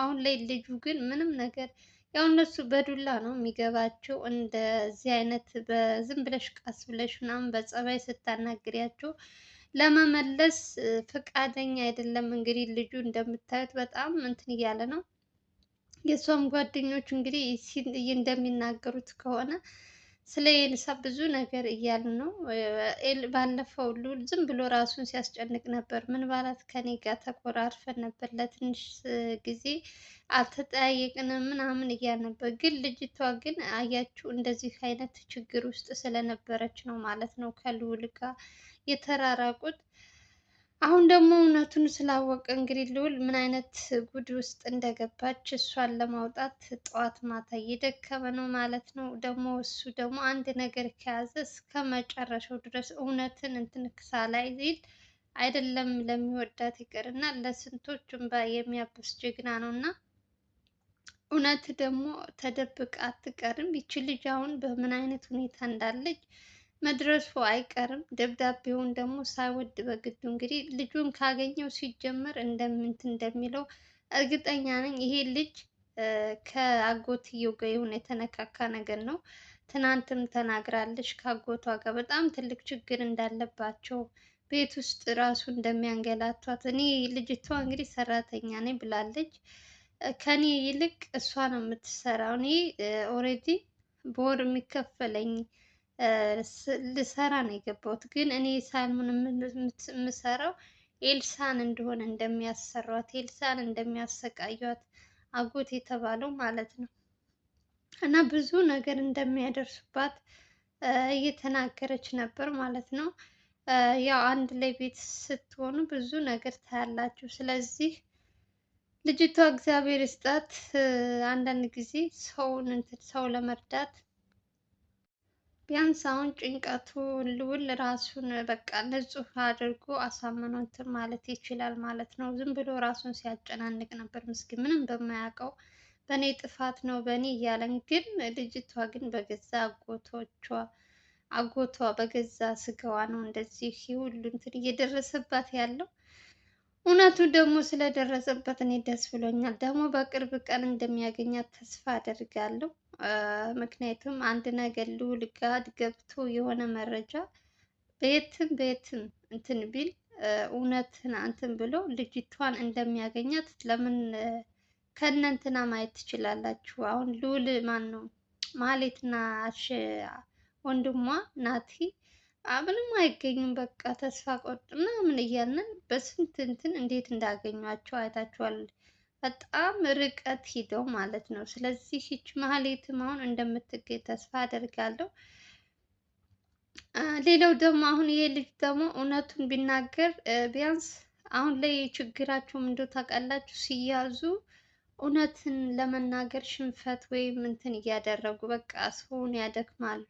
አሁን ላይ ልጁ ግን ምንም ነገር ያው እነሱ በዱላ ነው የሚገባቸው። እንደዚህ አይነት በዝም ብለሽ ቃስ ብለሽ ምናምን በጸባይ ስታናግሪያቸው ለመመለስ ፈቃደኛ አይደለም። እንግዲህ ልጁ እንደምታዩት በጣም እንትን እያለ ነው። የእሷም ጓደኞች እንግዲህ እንደሚናገሩት ከሆነ ስለ ኤልሳ ብዙ ነገር እያሉ ነው። ባለፈው ሉል ዝም ብሎ ራሱን ሲያስጨንቅ ነበር። ምን ባላት ከኔ ጋር ተኮራርፈን ነበር፣ ለትንሽ ጊዜ አልተጠያየቅንም ምናምን እያል ነበር። ግን ልጅቷ ግን አያችሁ እንደዚህ አይነት ችግር ውስጥ ስለነበረች ነው ማለት ነው ከልዑል ጋር የተራራቁት። አሁን ደግሞ እውነቱን ስላወቀ እንግዲህ ልዑል ምን አይነት ጉድ ውስጥ እንደገባች እሷን ለማውጣት ጠዋት ማታ እየደከመ ነው ማለት ነው። ደግሞ እሱ ደግሞ አንድ ነገር ከያዘ እስከ መጨረሻው ድረስ እውነትን እንትን ሳላይ ሲል አይደለም ለሚወዳት ይቅርና ለስንቶች እንባ የሚያብስ ጀግና ነው እና እውነት ደግሞ ተደብቃ አትቀርም። ይቺ ልጅ አሁን በምን አይነት ሁኔታ እንዳለች መድረሱ አይቀርም። ደብዳቤውን ደግሞ ሳይወድ በግዱ እንግዲህ ልጁን ካገኘው ሲጀመር እንደምንት እንደሚለው እርግጠኛ ነኝ። ይሄ ልጅ ከአጎትየው ጋር የሆነ የተነካካ ነገር ነው። ትናንትም ተናግራለች ከአጎቷ ጋር በጣም ትልቅ ችግር እንዳለባቸው ቤት ውስጥ ራሱ እንደሚያንገላቷት። እኔ ልጅቷ እንግዲህ ሰራተኛ ነኝ ብላለች። ከኔ ይልቅ እሷ ነው የምትሰራው። እኔ ኦልሬዲ በወር የሚከፈለኝ ልሰራ ነው የገባሁት። ግን እኔ ሳልሆን የምሰራው ኤልሳን እንደሆነ እንደሚያሰሯት ኤልሳን እንደሚያሰቃዩት አጎት የተባለው ማለት ነው እና ብዙ ነገር እንደሚያደርሱባት እየተናገረች ነበር ማለት ነው። ያው አንድ ላይ ቤት ስትሆኑ ብዙ ነገር ታያላችሁ። ስለዚህ ልጅቷ እግዚአብሔር ይስጣት። አንዳንድ ጊዜ ሰውን እንትን ሰው ለመርዳት ቢያንስ አሁን ጭንቀቱ ልውል ራሱን በቃ ንጹህ አድርጎ አሳምኖ እንትን ማለት ይችላል ማለት ነው። ዝም ብሎ ራሱን ሲያጨናንቅ ነበር ምስኪን ምንም በማያውቀው በእኔ ጥፋት ነው በእኔ እያለን፣ ግን ልጅቷ ግን በገዛ አጎቶቿ አጎቷ በገዛ ስጋዋ ነው እንደዚህ ሁሉ እንትን እየደረሰባት ያለው። እውነቱ ደግሞ ስለደረሰበት እኔ ደስ ብሎኛል። ደግሞ በቅርብ ቀን እንደሚያገኛት ተስፋ አደርጋለሁ። ምክንያቱም አንድ ነገር ልዑል ጋር ገብቶ የሆነ መረጃ በየትም በየትም እንትን ቢል እውነትን እንትን ብሎ ልጅቷን እንደሚያገኛት ለምን ከእነንትና ማየት ትችላላችሁ። አሁን ልውል ማን ነው ማህሌትና ወንድሟ ናቲ ምንም አይገኙም። በቃ ተስፋ ቆርጥ ምናምን እያልን በስንት እንትን እንዴት እንዳገኟቸው አይታችኋል። በጣም ርቀት ሂደው ማለት ነው። ስለዚህ ይች መሀሌትም አሁን እንደምትገኝ ተስፋ አደርጋለሁ። ሌላው ደግሞ አሁን ይሄ ልጅ ደግሞ እውነቱን ቢናገር ቢያንስ አሁን ላይ ችግራቸው ምንድ ታውቃላችሁ ሲያዙ እውነትን ለመናገር ሽንፈት ወይም እንትን እያደረጉ በቃ ሰውን ያደክማሉ።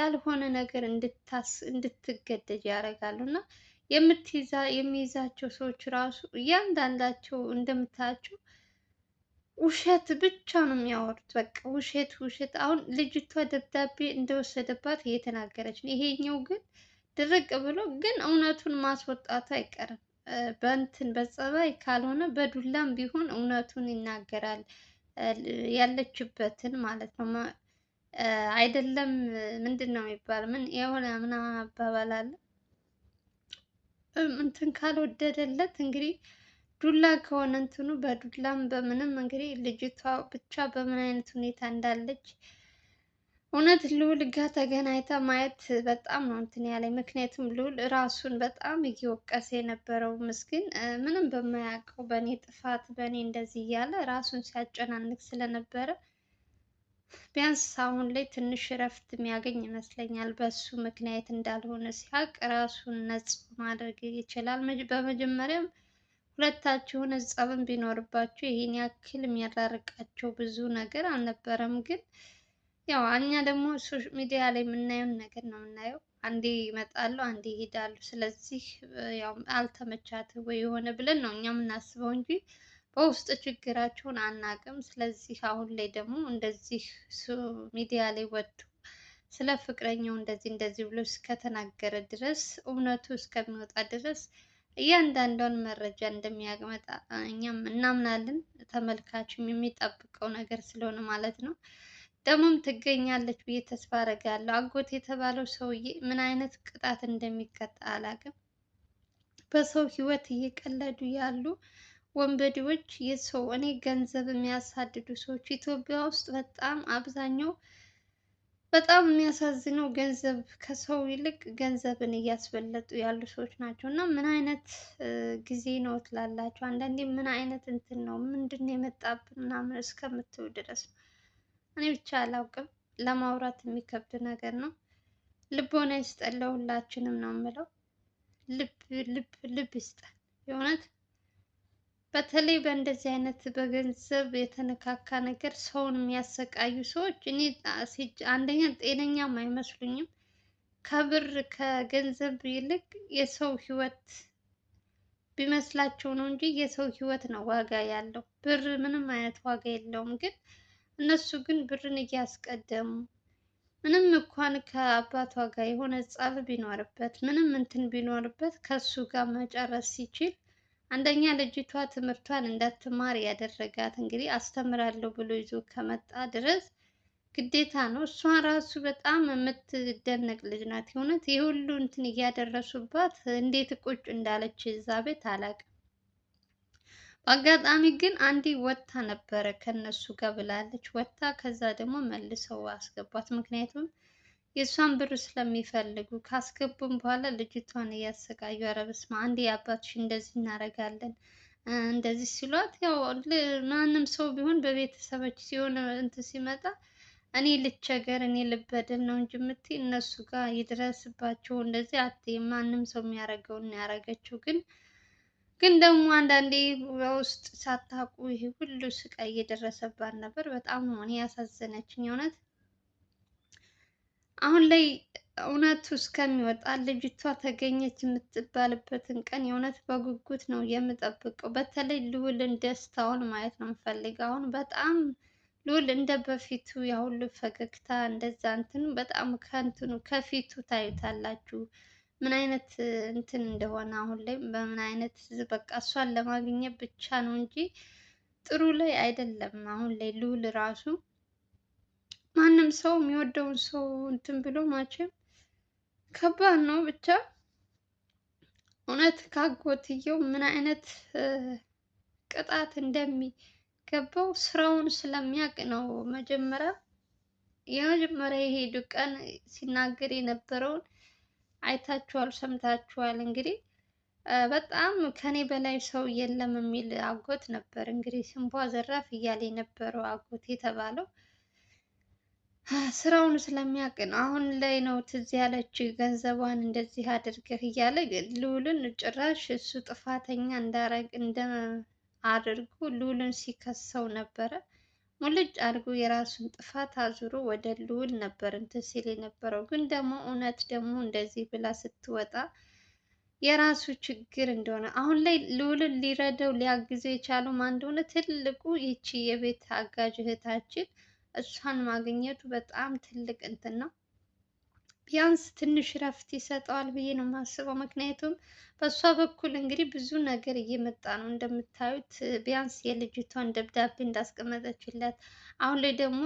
ያልሆነ ነገር እንድታስ እንድትገደጅ ያደርጋሉ እና የምትይዛ የሚይዛቸው ሰዎች ራሱ እያንዳንዳቸው እንደምታያቸው ውሸት ብቻ ነው የሚያወሩት። በቃ ውሸት ውሸት። አሁን ልጅቷ ደብዳቤ እንደወሰደባት እየተናገረች ነው። ይሄኛው ግን ድርቅ ብሎ ግን እውነቱን ማስወጣቱ አይቀርም። በእንትን በጸባይ ካልሆነ በዱላም ቢሆን እውነቱን ይናገራል። ያለችበትን ማለት ነው አይደለም ምንድን ነው የሚባል ምን የሆነ ምናምን አባባል አለ እንትን ካልወደደለት እንግዲህ ዱላ ከሆነ እንትኑ በዱላም በምንም እንግዲህ ልጅቷ ብቻ በምን አይነት ሁኔታ እንዳለች እውነት ልዑል ጋር ተገናኝታ ማየት በጣም ነው እንትን ያለኝ። ምክንያቱም ልዑል ራሱን በጣም እየወቀሰ የነበረው ምስኪን ምንም በማያውቀው በእኔ ጥፋት በእኔ እንደዚህ እያለ ራሱን ሲያጨናንቅ ስለነበረ ቢያንስ አሁን ላይ ትንሽ እረፍት የሚያገኝ ይመስለኛል። በሱ ምክንያት እንዳልሆነ ሲያቅ ራሱን ነጽ ማድረግ ይችላል። በመጀመሪያም ሁለታችሁን ጸብም ቢኖርባችሁ ይህን ያክል የሚያራርቃቸው ብዙ ነገር አልነበረም። ግን ያው እኛ ደግሞ ሶሻል ሚዲያ ላይ የምናየውን ነገር ነው የምናየው። አንዴ ይመጣሉ፣ አንዴ ይሄዳሉ። ስለዚህ ያው አልተመቻት ወይ የሆነ ብለን ነው እኛ የምናስበው እንጂ በውስጥ ችግራቸውን አናቅም። ስለዚህ አሁን ላይ ደግሞ እንደዚህ ሚዲያ ላይ ወጥቶ ስለ ፍቅረኛው እንደዚህ እንደዚህ ብሎ እስከተናገረ ድረስ እውነቱ እስከሚወጣ ድረስ እያንዳንዷን መረጃ እንደሚያመጣ እኛም እናምናለን። ተመልካችም የሚጠብቀው ነገር ስለሆነ ማለት ነው። ደግሞም ትገኛለች ብዬ ተስፋ አደርጋለሁ። አጎት የተባለው ሰውዬ ምን አይነት ቅጣት እንደሚቀጣ አላውቅም። በሰው ሕይወት እየቀለዱ ያሉ ወንበዴዎች የሰው እኔ ገንዘብ የሚያሳድዱ ሰዎች ኢትዮጵያ ውስጥ በጣም አብዛኛው በጣም የሚያሳዝነው ገንዘብ ከሰው ይልቅ ገንዘብን እያስበለጡ ያሉ ሰዎች ናቸው። እና ምን አይነት ጊዜ ነው ትላላቸው? አንዳንዴ ምን አይነት እንትን ነው ምንድን የመጣብን ምናምን እስከምትሉ ድረስ ነው። እኔ ብቻ አላውቅም። ለማውራት የሚከብድ ነገር ነው። ልቦና ይስጠን ለሁላችንም ነው የምለው። ልብ ልብ ልብ ይስጠን የእውነት በተለይ በእንደዚህ አይነት በገንዘብ የተነካካ ነገር ሰውን የሚያሰቃዩ ሰዎች እኔ አንደኛ ጤነኛም አይመስሉኝም። ከብር ከገንዘብ ይልቅ የሰው ህይወት ቢመስላቸው ነው እንጂ የሰው ህይወት ነው ዋጋ ያለው። ብር ምንም አይነት ዋጋ የለውም። ግን እነሱ ግን ብርን እያስቀደሙ ምንም እንኳን ከአባቷ ጋር የሆነ ጸብ ቢኖርበት ምንም እንትን ቢኖርበት ከሱ ጋር መጨረስ ሲችል አንደኛ ልጅቷ ትምህርቷን እንዳትማር ያደረጋት እንግዲህ አስተምራለሁ ብሎ ይዞ ከመጣ ድረስ ግዴታ ነው። እሷ ራሱ በጣም የምትደነቅ ልጅ ናት። የሆነት ይህ ሁሉ እንትን እያደረሱባት እንዴት ቁጭ እንዳለች እዛ ቤት አላውቅም። በአጋጣሚ ግን አንዴ ወታ ነበረ ከነሱ ጋር ብላለች። ወታ ከዛ ደግሞ መልሰው አስገቧት። ምክንያቱም የእሷን ብር ስለሚፈልጉ ካስገቡም በኋላ ልጅቷን እያሰቃዩ ኧረ በስመ አብ አንዴ አባትሽ እንደዚህ እናደርጋለን እንደዚህ ሲሏት፣ ያው ማንም ሰው ቢሆን በቤተሰቦች ሲሆን እንትን ሲመጣ እኔ ልቸገር እኔ ልበደል ነው እንጂ የምትይ እነሱ ጋር ይድረስባቸው እንደዚህ አትይም። ማንም ሰው የሚያደርገውን ነው ያደረገችው። ግን ግን ደግሞ አንዳንዴ በውስጥ ሳታውቁ ይሄ ሁሉ ስቃይ እየደረሰባት ነበር። በጣም ነው እኔ ያሳዘነችኝ እውነት። አሁን ላይ እውነቱ እስከሚወጣ ልጅቷ ተገኘች የምትባልበትን ቀን የእውነት በጉጉት ነው የምጠብቀው። በተለይ ልዑልን ደስታውን ማየት ነው የምፈልገው። አሁን በጣም ልዑል እንደ በፊቱ ያሁሉ ፈገግታ እንደዛ እንትኑ በጣም ከንትኑ ከፊቱ ታዩታላችሁ ምን አይነት እንትን እንደሆነ አሁን ላይ በምን አይነት በቃ እሷን ለማግኘት ብቻ ነው እንጂ ጥሩ ላይ አይደለም። አሁን ላይ ልዑል ራሱ ማንም ሰው የሚወደውን ሰው እንትን ብሎ ማችም ከባድ ነው። ብቻ እውነት ካጎትየው ምን አይነት ቅጣት እንደሚገባው ስራውን ስለሚያውቅ ነው። መጀመሪያ የመጀመሪያ የሄዱ ቀን ሲናገር የነበረውን አይታችኋል፣ ሰምታችኋል። እንግዲህ በጣም ከኔ በላይ ሰው የለም የሚል አጎት ነበር። እንግዲህ ስንቧ ዘራፍ እያለ የነበረው አጎት የተባለው ስራውን ስለሚያውቅ ነው። አሁን ላይ ነው ትዝ ያለች ገንዘቧን እንደዚህ አድርገህ እያለ ልዑልን ጭራሽ እሱ ጥፋተኛ እንዳረግ እንደ አድርጎ ልዑልን ሲከሰው ነበረ። ሙልጭ አድርጎ የራሱን ጥፋት አዙሮ ወደ ልዑል ነበር እንትን ሲል የነበረው። ግን ደግሞ እውነት ደግሞ እንደዚህ ብላ ስትወጣ የራሱ ችግር እንደሆነ አሁን ላይ ልዑልን ሊረዳው ሊያግዘው የቻለው ማን እንደሆነ ትልቁ ይቺ የቤት አጋዥ እህታችን እሷን ማግኘቱ በጣም ትልቅ እንትን ነው። ቢያንስ ትንሽ ረፍት ይሰጠዋል ብዬ ነው የማስበው። ምክንያቱም በእሷ በኩል እንግዲህ ብዙ ነገር እየመጣ ነው እንደምታዩት። ቢያንስ የልጅቷን ደብዳቤ እንዳስቀመጠችለት፣ አሁን ላይ ደግሞ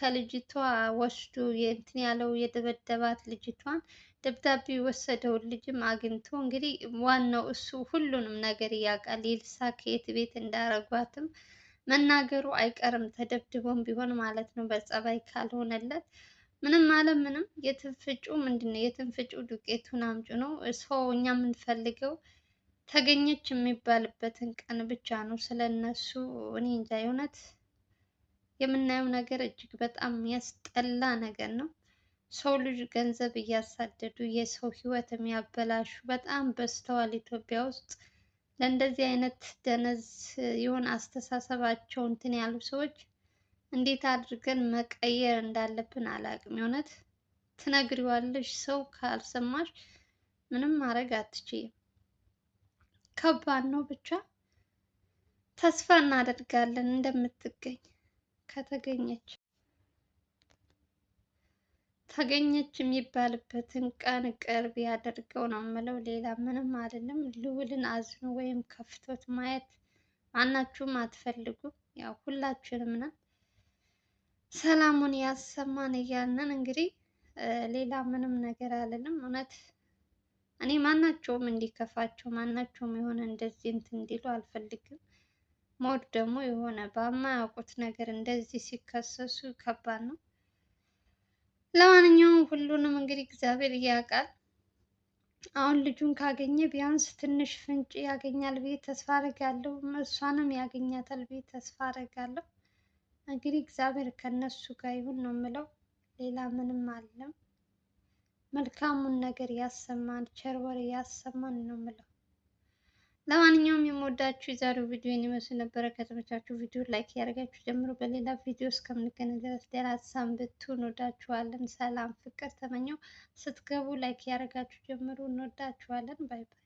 ከልጅቷ ወስዶ የእንትን ያለው የደበደባት ልጅቷን ደብዳቤ የወሰደውን ልጅም አግኝቶ እንግዲህ ዋናው እሱ ሁሉንም ነገር እያውቃል። የልሳ ከየት ቤት እንዳረጓትም መናገሩ አይቀርም ተደብድቦም ቢሆን ማለት ነው። በጸባይ ካልሆነለት ምንም አለ ምንም የትንፍጩ ምንድን ነው የትንፍጩ ዱቄቱን አምጪ ነው። ሰው እኛ የምንፈልገው ተገኘች የሚባልበትን ቀን ብቻ ነው። ስለነሱ እኔ እንጃ የእውነት የምናየው ነገር እጅግ በጣም የሚያስጠላ ነገር ነው። ሰው ልጅ ገንዘብ እያሳደዱ የሰው ህይወት የሚያበላሹ በጣም በዝተዋል ኢትዮጵያ ውስጥ። ለእንደዚህ አይነት ደነዝ የሆነ አስተሳሰባቸው እንትን ያሉ ሰዎች እንዴት አድርገን መቀየር እንዳለብን አላውቅም። የእውነት ትነግሪዋለሽ፣ ሰው ካልሰማሽ ምንም ማድረግ አትችይም። ከባድ ነው። ብቻ ተስፋ እናደርጋለን እንደምትገኝ ከተገኘች ተገኘች የሚባልበትን ቀን ቅርብ ያደርገው ነው የምለው። ሌላ ምንም አይደለም። ልዑልን አዝኖ ወይም ከፍቶት ማየት ማናችሁም አትፈልጉም። ያው ሁላችንም ነን። ሰላሙን ያሰማን እያልን እንግዲህ ሌላ ምንም ነገር አልልም። እውነት እኔ ማናቸውም እንዲከፋቸው ማናቸውም የሆነ እንደዚህ እንትን እንዲሉ አልፈልግም። ሞድ ደግሞ የሆነ በማያውቁት ነገር እንደዚህ ሲከሰሱ ከባድ ነው። ለማንኛውም ሁሉንም እንግዲህ እግዚአብሔር ያውቃል። አሁን ልጁን ካገኘ ቢያንስ ትንሽ ፍንጭ ያገኛል ብዬ ተስፋ አደርጋለሁ። እሷንም ያገኛታል ብዬ ተስፋ አደርጋለሁ። እንግዲህ እግዚአብሔር ከነሱ ጋር ይሁን ነው የምለው። ሌላ ምንም አለም። መልካሙን ነገር ያሰማን፣ ቸር ወሬ ያሰማን ነው የምለው። ለማንኛውም የምወዳችሁ የዛሬው ቪዲዮ የሚመስል ነበረ። ከተመቻችሁ ቪዲዮ ላይክ ያደርጋችሁ ጀምሮ በሌላ ቪዲዮ እስከምንገናኝ ድረስ ደህና ሰንብቱ። እንወዳችኋለን። ሰላም ፍቅር ተመኘው። ስትገቡ ላይክ ያደርጋችሁ ጀምሮ እንወዳችኋለን። ባይ ባይ።